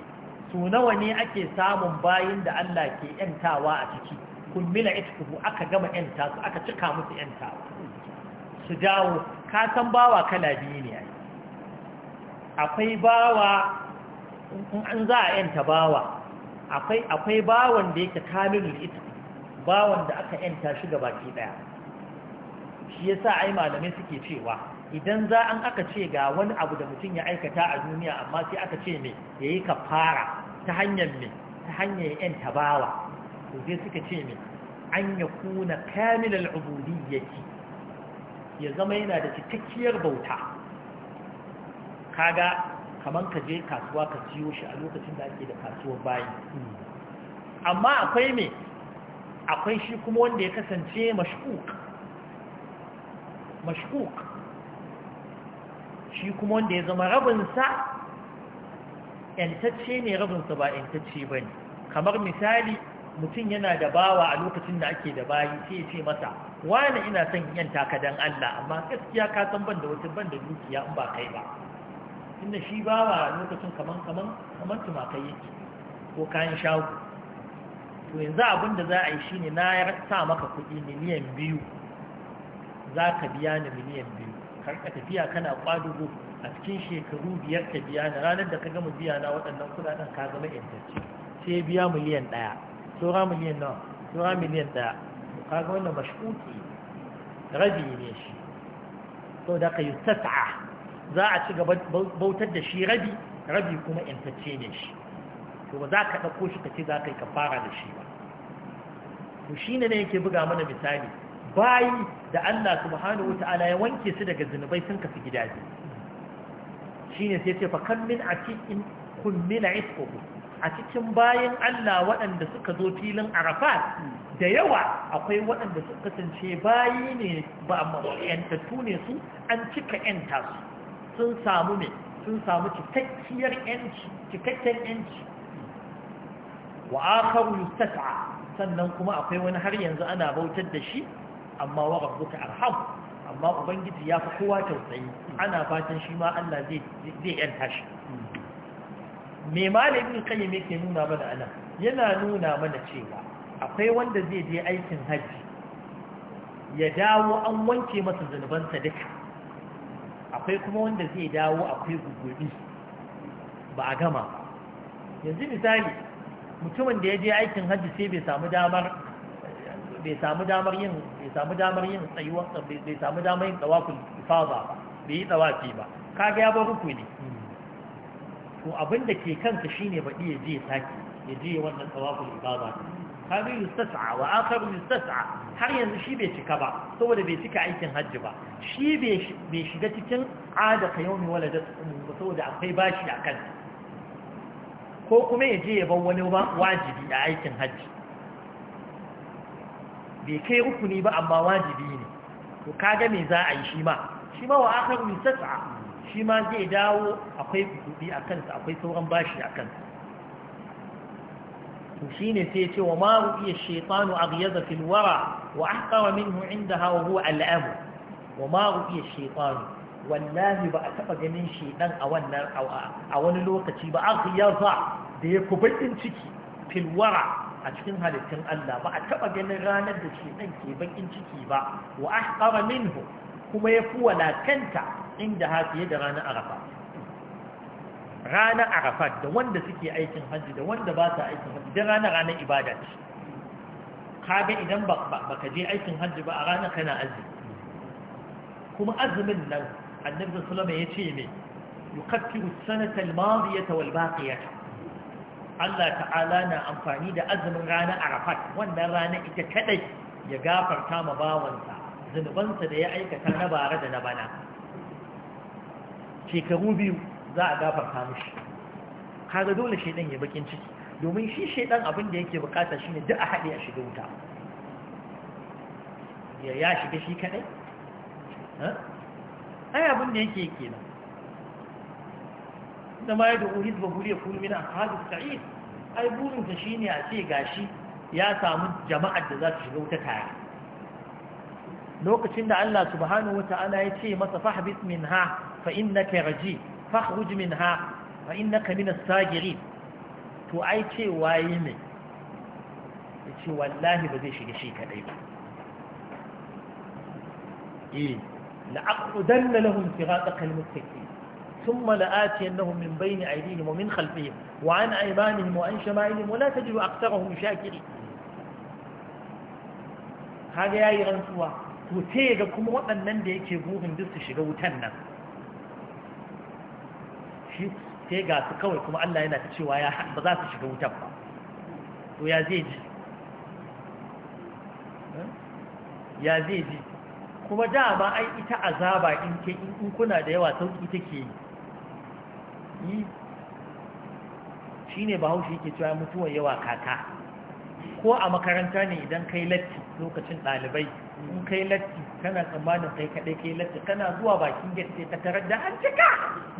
su nawa ne ake samun bayin da Allah ke yantawa a ciki kummila itquhu aka gama yanta su aka cika musu yantawa su dawo ka san bawa kala biyu ne akwai bawa in za a yanta bawa akwai akwai bawon da yake kamilul itqi bawon da aka yanta shi baki daya shi yasa ai malamai suke cewa idan za an aka ce ga wani abu da mutum ya aikata a duniya amma sai aka ce me yayi kafara ta hanyar me ta hanyar yanta bawa to sai suka ce me an yakuna kamilul ubudiyyati ya zama yana da cikakkiyar bauta kaga kamar ka je kasuwa ka ciyo shi a lokacin da ake da kasuwar bayi hmm. amma akwai me akwai shi kuma wanda ya kasance mashkuk mashkuk shi kuma wanda ya zama rabinsa yantacce ne rabinsa ba yantacce ba ne kamar misali mutum yana da bawa a lokacin da ake da bayi sai ya ce masa wani ina son yanta ka dan Allah amma gaskiya ka san ban da wata ban da dukiya in ba kai ba inda shi ba wa lokacin kaman kaman kaman tumakai yake ko kayan shago to yanzu abin da za a yi shi ne na ya sa maka kuɗi miliyan biyu za ka biya ni miliyan biyu karka tafiya kana kwadugo a cikin shekaru biyar ka biya na ranar da ka gama biya na waɗannan kuɗaɗen ka zama yantacce sai biya miliyan ɗaya saura miliyan nawa saura miliyan ɗaya ka ga wannan mashuƙi rabi ne shi sau da ka yi sata za a ci gaba bautar da shi rabi rabi kuma intacce ne shi to ba za ka ɗauko shi ka ce za ka yi ka fara da shi ba to shi ne yake buga mana misali bayi da Allah subhanahu Ta'ala ya wanke su daga zunubai sun kafi gida biyu shi ne sai ce fa kan min a cikin kummila iskuku a cikin bayan Allah waɗanda suka zo filin arafat da yawa akwai waɗanda suka kasance bayi ne ba amma yantattu ne su an cika yanta su sun samu ne sun samu cikakkiyar yanci cikakken yanci wa akharu yustata sannan kuma akwai wani har yanzu ana bautar da shi amma wa rabbuka arham amma ubangiji ya fi kowa tausayi ana fatan shi ma Allah zai zai yan tashi. me malamin me ke nuna mana ana yana nuna mana cewa akwai wanda zai je aikin haji ya dawo an wanke masa zanubansa duka akwai kuma wanda zai dawo akwai gugudi ba a gama yanzu misali mutumin da ya je aikin hajji sai bai samu damar bai samu damar yin bai samu damar yin tsayuwa bai samu damar yin tsawakul ifa ba bai yi tsawafi ba kaga ya bar ne to abin da ke kansa shine ba ya je sake ya je wannan tsawakul ba. kaga yustas'a wa akhar yustas'a har yanzu shi bai cika ba saboda bai cika aikin hajji ba shi bai shiga cikin ada ka yawmi waladat saboda akwai bashi a kansa ko kuma ya je ya bar wani wajibi a aikin hajji bai kai rukuni ba amma wajibi ne to kaga me za a yi shi ma Shima zai dawo akwai kudi a kansa akwai sauran bashi a to shine sai ce wa ma ru'iya shaytanu aghyadha fil wara wa ahqara minhu inda wa huwa al'amu. wa ma ru'iya shaytanu wallahi ba a taba ganin shaytan a wannan wani lokaci ba riyaza da ya kubatin ciki filwara a cikin halittun Allah ba a taɓa ganin ranar da shi ɗan ke bakin ciki ba wa ahqara minhu kuma ya fi walakanta inda ha fiye da ranar arafa ranar arafat da wanda suke aikin hajji da wanda ba su aikin hajji da ranar ranar ibada ce kaga idan ba ka je aikin hajji ba a ranar kana azumi kuma azumin nan annabi sallama ya ce me yukaffiru sanata madiyata wal baqiyata Allah ta'ala na amfani da azumin ranar arafat wannan rana ita kadai ya gafarta ma bawansa zunubansa da ya aikata na bara da na bana shekaru biyu za a gafarta mishi kaga dole shedan ya bakin ciki domin shi shedan abin da yake bukata shine duk a haɗe a shiga wuta ya ya shiga shi kadai ai abin da yake kenan da ma da dubu hizba guri ya kunu mina hadu sa'id ai burinsa shine a ce gashi ya samu jama'ar da za su shiga wuta tare lokacin da Allah subhanahu wata'ala ya ce masa fahbit minha fa innaka raji fakhruj minha fa innaka min as-sagirin to ai ce waye ne yace wallahi ba zai shiga shi kadai ba eh la aqudanna lahum siratal mustaqim ثم لآتينهم من بين أيديهم ومن خلفهم وعن أيمانهم وعن شمائلهم rantsuwa تجد أكثرهم ga kuma waɗannan da yake كم duk su shiga wutan nan. shi sai ga su kawai kuma Allah yana ta cewa ya ba za su shiga wutar ba to ya zai ji eh? ya zai ji kuma dama ai ita azaba in ke in kuna da yawa sauki take yi Shi shine bahaushe yake cewa mutuwar yawa kaka ko a makaranta ne idan kai latti lokacin ɗalibai in kai latti kana tsammanin kai kaɗai kai latti kana zuwa bakin gate sai ka tarar da an cika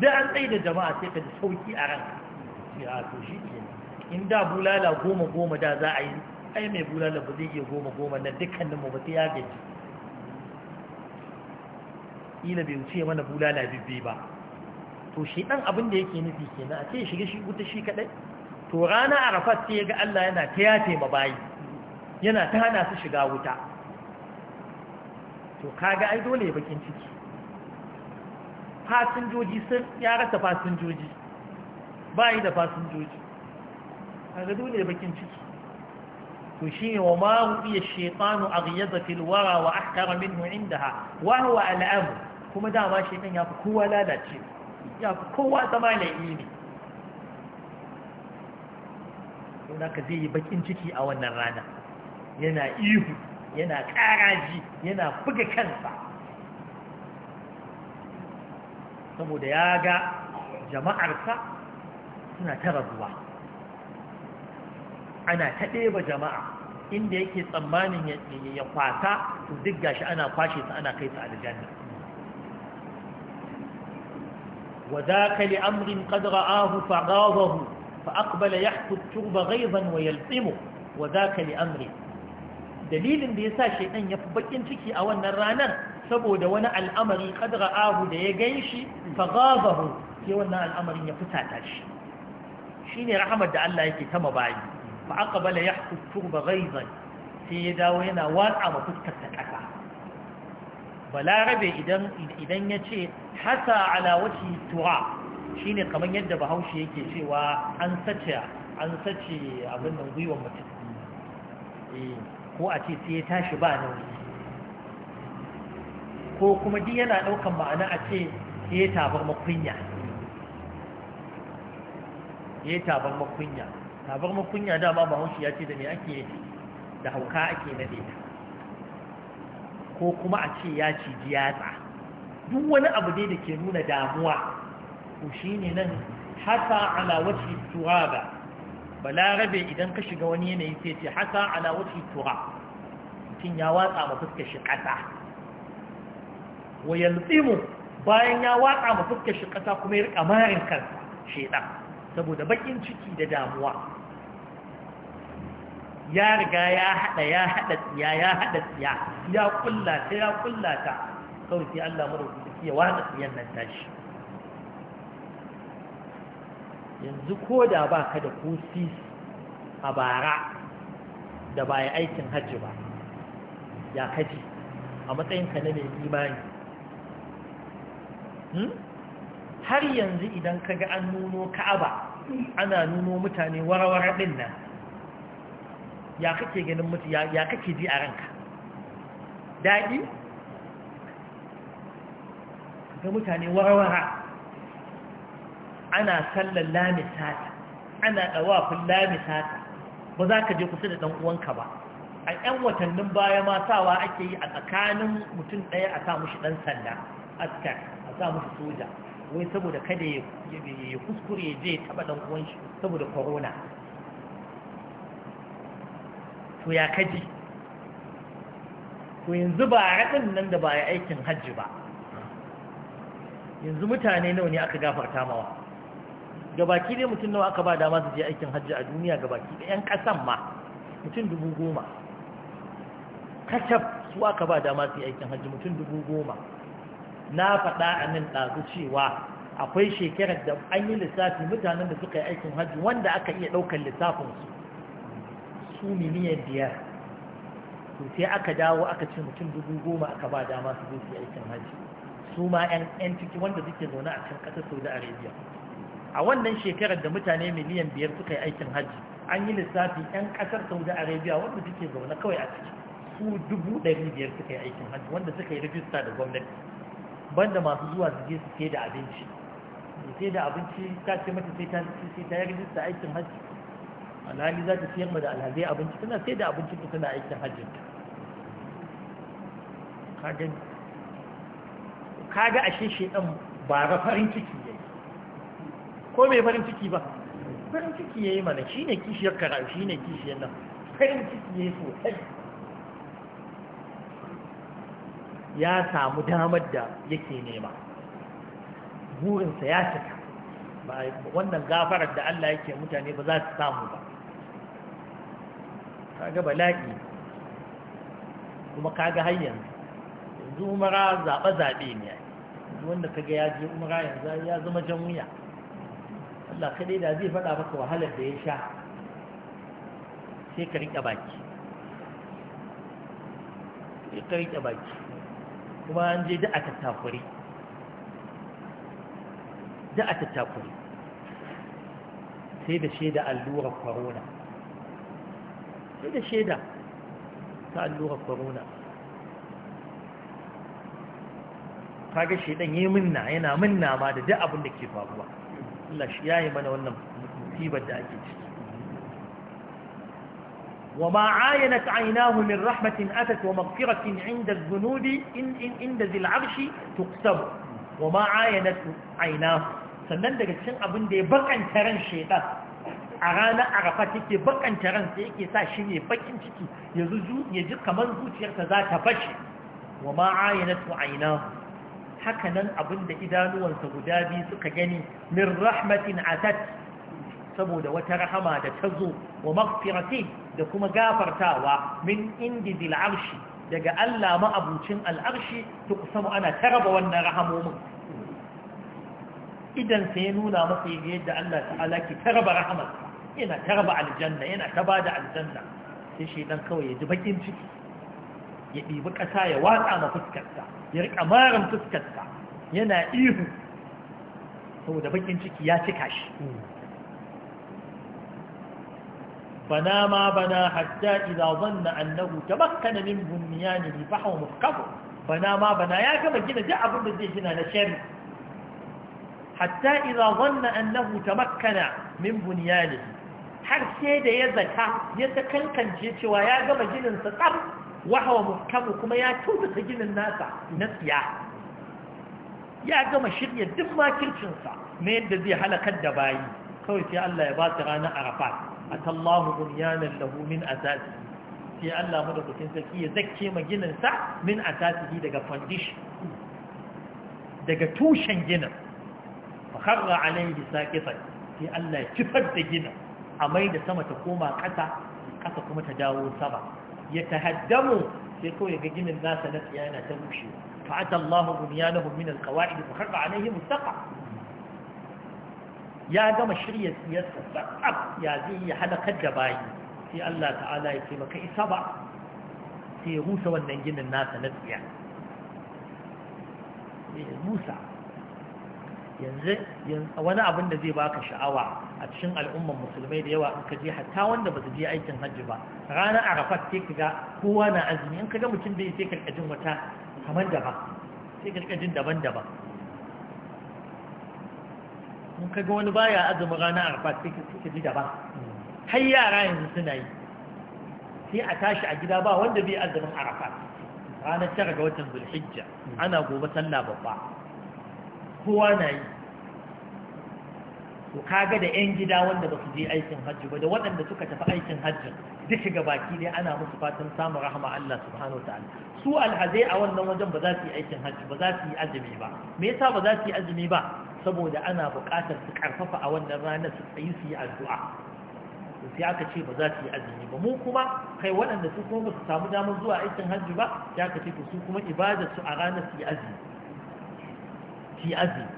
da an tsaye da jama'a sai ka da sauki a ranka ya ah, to shi ke in da bulala goma goma da za a yi ai mai bulala ba zai iya goma goma nan dukkaninmu ba sai ya gaji ila bai wuce mana bulala bibbi ba to shi dan abin da yake nufi kenan a ce shiga shi wuta shi kadai to rana arafat sai ya ga Allah yana ta yafe ma bayi yana ta hana su shiga wuta to kaga ai dole ya bakin ciki fasinjoji sun ya rasa fasinjoji ba yi da fasinjoji kaga dole ya bakin ciki to shine ne wa ma iya shaitanu a riyaza filwara wa ahkara minhu indaha wa huwa al'amu kuma dama shaitan ya fi kowa lalace ya fi kowa zama laifi ne don haka zai yi bakin ciki a wannan rana yana ihu yana karaji yana buga kansa saboda ya ga jama'arsa suna ta ana ta ɗeba jama'a inda yake tsammanin ya kwata to duk gashi ana kwashe su ana kai su aljanna وذاك لأمر قد رآه فغاظه فأقبل يحكو الترب غيظا ويلطمه وذاك لأمر dalilin da ya sa shaidan ya fi bakin ciki a wannan ranar saboda wani al'amari kadra ahu da ya gan shi fa gabahu sai wannan al'amarin ya fusata shi shi ne da Allah yake tama bayi fa aka bala ya hukuku sai ya dawo yana watsa ma fuskar ta ƙasa balarabe idan ya ce hasa ala wace tura shi ne kamar yadda bahaushe yake cewa an sace an sace abin nan gwiwar mutum eh. ko a ce sai ya tashi ba nauyi ko kuma duk yana daukan ma'ana a ce sai ya tabar makunya ya yi tabar makunya tabar makunya dama bahaushe ya ce da me ake da hauka ake nade ta ko kuma a ce ya ci jiyatsa duk wani abu dai da ke nuna damuwa to shi ne nan hasa ala wacce turaba balarabe idan ka shiga wani yanayi sai ce hasa ala wuce tura mutum ya watsa ma fuskar shi ƙasa wa yalzimu bayan ya watsa ma fuskar shi ƙasa kuma ya rika marin kansa shedan saboda bakin ciki da damuwa ya riga ya hada ya hada tsiya ya hada tsiya ya kullata ya kullata kawai sai Allah mara ya watsa tsiyan nan tashi yanzu ko da ba ka da kusi a bara da ba ya aikin hajji ba ya kaji a matsayinka na mai imani hmm? har yanzu idan ka ga an nuno ka'aba ana nuno mutane warawara ɗin nan ya kake ganin mutu ya kake ji a ranka daɗi ga mutane warawara ana sallar lamisata ana ɗawafin lamisata ba za ka je kusa da ɗan uwanka ba a 'yan watannin baya ma sawa ake yi a tsakanin mutum ɗaya a sa mushi ɗan sanda askar a sa mushi soja wai saboda kada ya kuskure ya je taɓa ɗan uwan shi saboda corona to ya kaji to yanzu ba a raɗin nan da ba ya aikin hajji ba yanzu mutane nawa ne aka gafarta mawa gabaki dai mutum nawa aka ba dama su je aikin hajji a duniya gabaki da 'yan ƙasan ma mutum dubu goma kacaf su aka ba dama su yi aikin hajji mutum dubu goma na faɗa a nan ɗazu cewa akwai shekarar da an yi lissafi mutanen da suka yi aikin hajji wanda aka iya ɗaukar lissafinsu su miliyan biyar to sai aka dawo aka ce mutum dubu goma aka ba dama su je su yi aikin hajji su ma 'yan ciki wanda suke zaune a can ƙasar saudi arabia a wannan shekarar da mutane miliyan biyar suka yi aikin hajji an yi lissafi 'yan kasar saudi arabia wanda suke zaune kawai a ciki su dubu ɗari biyar suka yi aikin hajji wanda suka yi rijista da gwamnati banda masu zuwa su je su ke da abinci ke da abinci ta ce mata sai ta sai ta yi rajista aikin hajji alhali za ta siyar da alhazai abinci tana sai da abinci ta tana aikin hajji kaga ashe ɗan ba farin ciki ko bai farin ciki ba farin ciki ya yi mana shi ne kishiyar karatu shi ne kishiyar nan farin ciki ya yi sosai ya samu damar da yake nema burinsa ya cika wannan gafarar da Allah yake mutane ba za su samu ba kaga bala'i kuma kaga har yanzu yanzu umara zaɓe-zaɓe ne wanda kaga ya je umara yanzu ya zama jan wuya Allah kadai da zai faɗa maka wahalar da ya sha sai ka rika baki sai ka rika baki kuma an je da a tattakuri da a tattakuri sai da shaida allurar corona sai da shaida ta allurar corona kaga shaidan yi minna yana minna ma da duk abin da ke faruwa Allah shi yayi mana wannan musibar da ake ciki وما عاينت عيناه من رحمة أتت ومغفرة عند الذنوب إن إن عند ذي العرش تكسب وما عاينت عيناه sannan daga cikin abin da ya bakanta ran shaitan a ranar arafa take bakanta ran sai yake sa shi ne bakin ciki ya ji kamar zuciyarsa za ta fashe wa ma ayyanatu ainahu haka nan abinda da idanuwansa guda biyu suka gani min rahmatin atat saboda wata rahama da ta zo wa magfiratin da kuma gafartawa min indi arshi daga Allah ma'abucin al'arshi ta kusa ana taraba wannan rahamomin idan sai ya nuna masa yadda Allah ta'ala ki taraba rahamarsa yana taraba aljanna yana ta ba da aljanna sai shi dan kawai ya ji bakin ciki ya ɗibi ƙasa ya watsa ma fuskarsa ya riƙa marin fuskarsa yana ihu saboda bakin ciki ya cika shi bana ma bana hatta idza zanna annahu tabakkana min bunyanihi fa huwa mufkahu bana ma bana ya gama gina duk abin da zai gina na shari hatta idza zanna annahu tabakkana min bunyanihi har sai da ya zaka ya ta kankance cewa ya gama ginin sa tsaf wahawa muhkamu kuma ya kyautata ginin nasa na tsiya ya gama shirya duk makircinsa na yadda zai halakar da bayi kawai sai Allah ya ba su ranar arafat a tallahu bunyanan lahu min asasi sai Allah madaukakin sarki ya zakke ma gininsa min asasi daga foundation daga tushen ginin fakarra alaihi saqitan sai Allah ya kifar da ginin a mai da sama ta koma ƙasa ƙasa kuma ta dawo sama ya tahaddamu sai kawai ga ginin nasa na tsiya yana ta rushe fa'ata Allah bunyanahum min alqawa'id fa khaqqa alaihim saqa ya gama shirya tsiyarsa sa'ab ya zai ya halakar da bayi sai Allah ta'ala ya ce isa ba sai ya rusa wannan ginin nasa na tsiya ya rusa yanzu wani abin da zai baka sha'awa a cikin al'umman musulmai da yawa in ka je hatta wanda ba su je aikin hajji ba ranar arafat sai ka ga kowa na azumi in ka ga mutum da sai karka wata kamar daban sai karka daban-daban in ka ga wani baya azumin ranar arafat sai ka ji daban har yara yanzu suna yi sai a tashi a gida ba wanda bai azumin arafat ranar tara ga watan zulhijja ana gobe sallah babba kowa na yi to kaga da 'yan gida wanda ba su je aikin hajji ba da waɗanda suka tafi aikin hajji duka ga baki dai ana musu fatan samun rahama Allah subhanahu wa ta'ala su alhazai a wannan wajen ba za su yi aikin hajji ba za su yi azumi ba me yasa ba za su yi azumi ba saboda ana buƙatar su karfafa a wannan ranar su tsayi su yi addu'a sai aka ce ba za su yi azumi ba mu kuma kai waɗanda su kuma ba su samu damar zuwa aikin hajji ba sai aka ce to su kuma ibadar su a ranar su yi azumi su azi azumi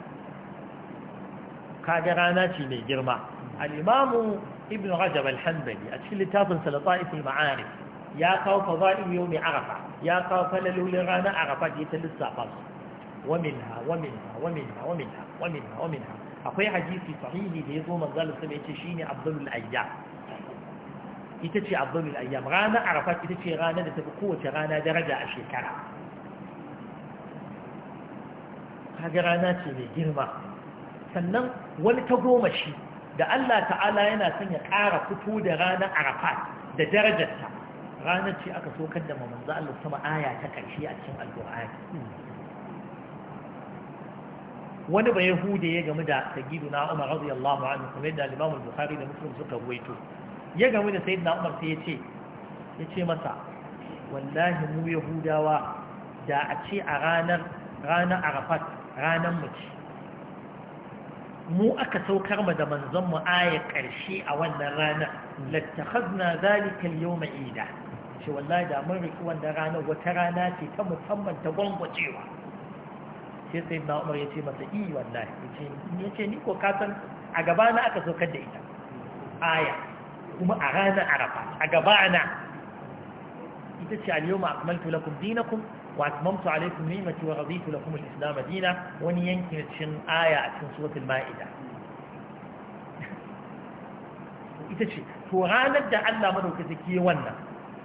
kaga rana ce mai girma al'imamu ibn rajab al-hanbali a cikin littafin salata ifin ma'arif ya kawo faza'in yau mai arafa ya kawo falalolin ranar arafa da ya ta lissafa su waminha waminha waminha waminha waminha waminha akwai hadisi sahihi da ya zo manzal sama shi ne abdul ayyam ita ce abdul ayyam Rana arafa ita ce ranar da ta fi kowace rana daraja a shekara kaga rana ce mai girma sannan wani ta goma shi da Allah ta'ala yana son ya ƙara fito da ranar arafat da darajarta ranar ce aka kan da mamanzu Allah sama aya ta ƙarshe a cikin alƙur'ani wani bai yahude ya gamu da sagidu na umar radiyallahu anhu kuma yadda al bukhari da muslim suka ruwaito ya gamu da sayyidina umar sai ya ce ya ce masa wallahi mu yahudawa da a ce a ranar ranar arafat ranar mu ce mu aka saukar mu da manzon mu aya karshe a wannan ranar lattakhazna zalika al-yawma ida ce wallahi da mun riki wannan ranar wata rana ce ta musamman ta gwangwacewa sai sai na umar ya ce masa i wallahi ya ce ni ko kasan a gaba na aka saukar da ita aya kuma a ranar arafa a gaba na ita ce al-yawma akmaltu lakum dinakum واتممت عليكم نعمتي ورضيت لكم الاسلام دينا وان يمكن تشن ايه في سوره المائده itace to ranar da Allah madaukaki ya wannan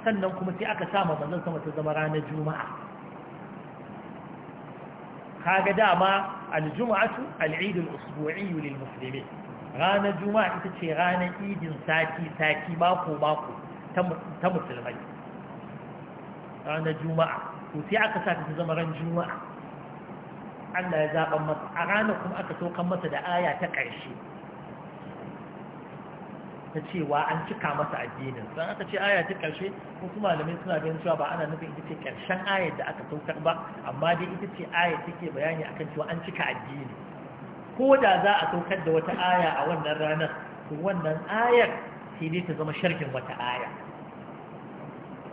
sannan kuma sai aka sa manzon sama ta zama ranar juma'a kaga dama aljum'atu al'id al'usbu'i lil muslimin ranar juma'a ita ce ranar idin sati sati mako mako ta musulmai ranar juma'a to sai aka sa ta zama ran juma'a Allah ya zaɓa masa a ranar kuma aka saukan masa da aya ta ƙarshe ta cewa an cika masa addinin sai aka ce aya ta ƙarshe wasu malamai suna ganin cewa ba ana nufin ita ce ƙarshen ayar da aka saukar ba amma dai ita ce ayar take bayani akan cewa an cika addini ko da za a saukar da wata aya a wannan ranar to wannan ayar sai dai ta zama sharhin wata aya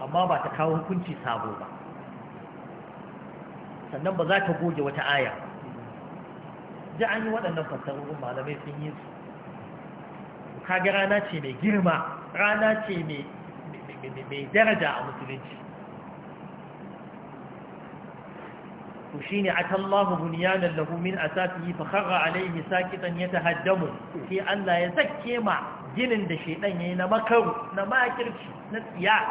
amma ba ta kawo hukunci sabo ba sannan ba za ta goge wata aya ji an yi waɗannan fassarorin malamai sun yi su kaga rana ce mai girma rana ce mai daraja a musulunci to shine atallahu bunyanan lahu min asafihi fa kharra ya sakitan haddamu? sai Allah ya sakke ma ginin da ya yayi na makaru na makirci na tsiya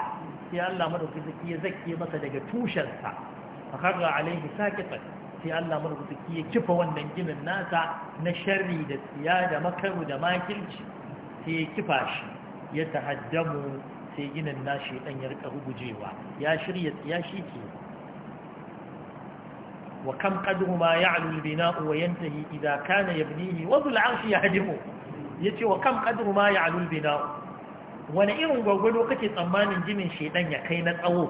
sai Allah madauki zaki ya zakke masa daga tushensa fa kharra alaihi sakitan sai Allah madaukaki ya kifa wannan ginin nasa na sharri da tsiya da makaru da makilci sai ya kifa shi ya tahaddamu sai ginin nashi dan ya rika rugujewa ya shirya tsiya shi ke wa kam qadru ma ya al-bina'u wa yantahi idha kana yabnihi wa dhul 'arshi yahdimu yace wa kam qadru ma ya al-bina'u wani irin gwagwado kake tsammanin ginin shedan ya kai na tsawo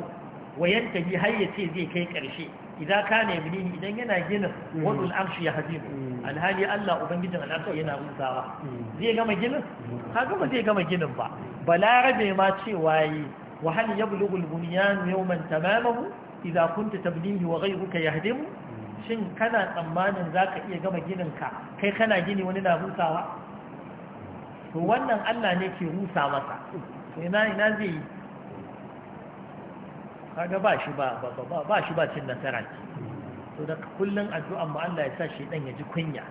wayan tabi har ya ce zai kai ƙarshe idan ka ne mini idan yana gina wadul arshi ya hadin alhali Allah ubangijin alaka yana rusawa zai gama ginin ka gama zai gama ginin ba balarabe ma cewa yi wa hal yablughu albunyan yawman tamamahu idan kunta tablihi wa ghayruka yahdim shin kana tsammanin zaka iya gama ginin ka kai kana gini wani na rusawa to wannan Allah ne ke rusa masa ina ina zai kaga ba shi ba ba shi ba cin nasara ce to da kullun addu'an mu Allah ya sa shi dan ya ji kunya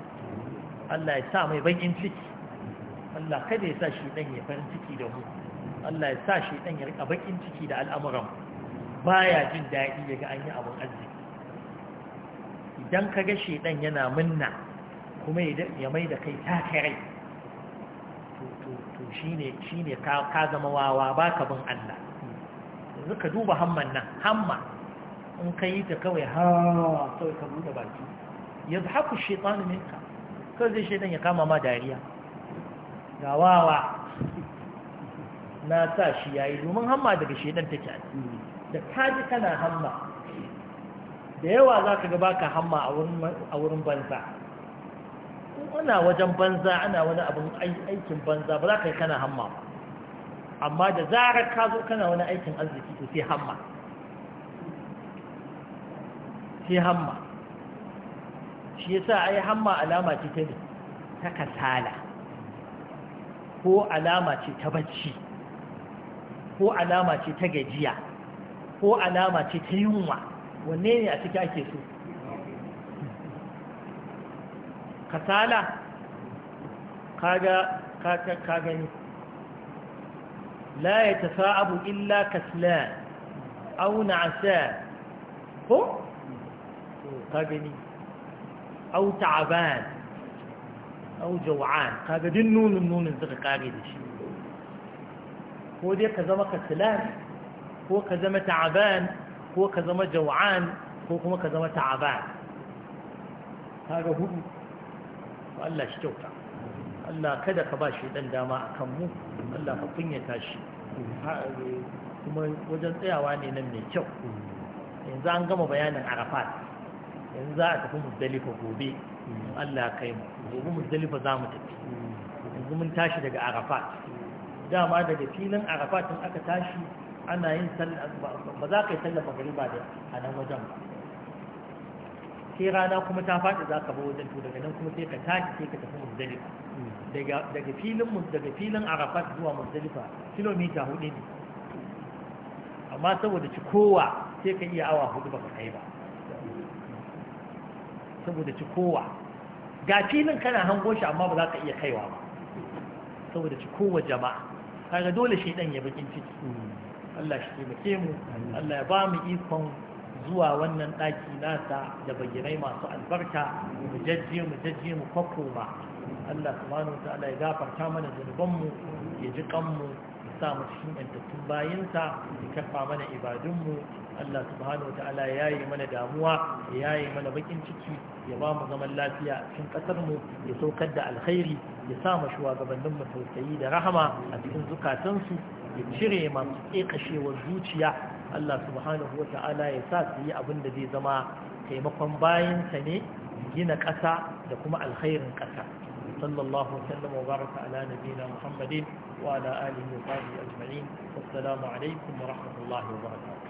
Allah ya sa mai bakin ciki Allah kada ya sa shi dan ya farin ciki da mu Allah ya sa shi dan ya rika bakin ciki da al'amuran baya jin daɗi yaga an yi abun arziki idan kaga shi dan yana minna kuma ya mai da kai takarai to shine shine ka zama wawa baka bin Allah yanzu ka duba hamman nan hamma in ka yi ta kawai ha kawai ka buɗe baki ya haku shaitanu minka kawai zai shaitan ya kama ma dariya ga wawa na sa shi ya yi domin hamma daga shaitan take a da ta ji kana hamma da yawa za ka gaba ka hamma a wurin banza ana wajen banza ana wani abin aikin banza ba za ka yi kana hamma ba amma da zarar ka zo kana wani aikin arziki to sai hamma sai hamma shi yasa ai hamma alama ce ta ne ta kasala ko alama ce ta bacci ko alama ce ta gajiya ko alama ce ta yunwa wanne ne a ciki ake so kasala kaga ka gani لا يتثاءب إلا كسلان أو نعسان هو قابلي أو تعبان أو جوعان قابل النون النون الزغ قابل هو دي كزما كسلان هو كزما تعبان هو كزما جوعان هو كما تعبان هذا هو Allah shi kyauta Allah kada ka ba Allah ka kunyata shi kuma wajen tsayawa ne nan mai kyau yanzu an gama bayanin arafat yanzu za a tafi musdalifa gobe Allah ka yi gobe musdalifa za mu tafi yanzu mun tashi daga arafat dama daga filin arafat tun aka tashi ana yin sallah ba za ka yi sallah magariba da a nan wajen ba sai rana kuma ta faɗi za ka wajen to daga nan kuma sai ka tashi sai ka tafi muzdalifa daga filin daga filin arafat zuwa muzdalifa kilomita hudu ne amma saboda ci kowa sai ka iya awa hudu baka kai ba saboda ci kowa ga filin kana hango shi amma ba za ka iya kaiwa ba saboda ci kowa jama'a kaga dole shi dan ya bakin ciki hmm. Allah shi taimake mu Allah ya ba mu ikon zuwa wannan ɗaki nasa da bayanai masu albarka mu jajje mu jajje mu kwakkoma Allah subhanahu ta'ala ya gafarta mana zunubanmu ya ji kanmu ya sa mu cikin yantattun bayinsa ya karfa mana ibadunmu Allah subhanahu ta'ala ya yi mana damuwa ya yi mana bakin ciki ya ba mu zaman lafiya a cikin ƙasar mu ya saukar da alkhairi ya sa mu shugabannin mu tausayi da rahama a cikin zukatansu ya cire masu ƙeƙashewar zuciya Allah subhanahu wa ta'ala ya sa su yi abin da zai zama taimakon bayansa ne gina ƙasa da kuma alkhairin ƙasa sallallahu sallam wa baraka ala nabiyina muhammadin wa ala alihi wa sahbihi ajma'in assalamu alaikum wa rahmatullahi wa barakatuh